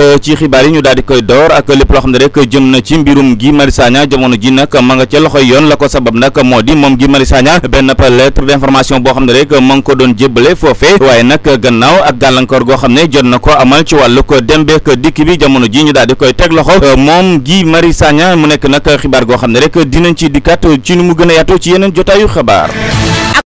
Euh, ci xibaar yi ñu daal di koy door ak lépp loo xam ne rek jëm na ci mbirum Guy Marius Sagna jamono ji nag ma nga ca loxo yoon la ko sabab nag moo di moom gi Marius Sagna benn lettre d'information boo xam ne rek ma ngi ko doon jébbale foofe waaye nag gannaaw ak gàllankoor goo xam ne jot na ko amal ci wàllu ko dem beek dikk bi jamono ji ñu daal di koy teg loxo euh, moom gi mari Sagna mu nekk nag xibaar goo xam ne rek dinañ ci dikkaat ci nu mu gën a yaatu ci yeneen jotaayu xibaar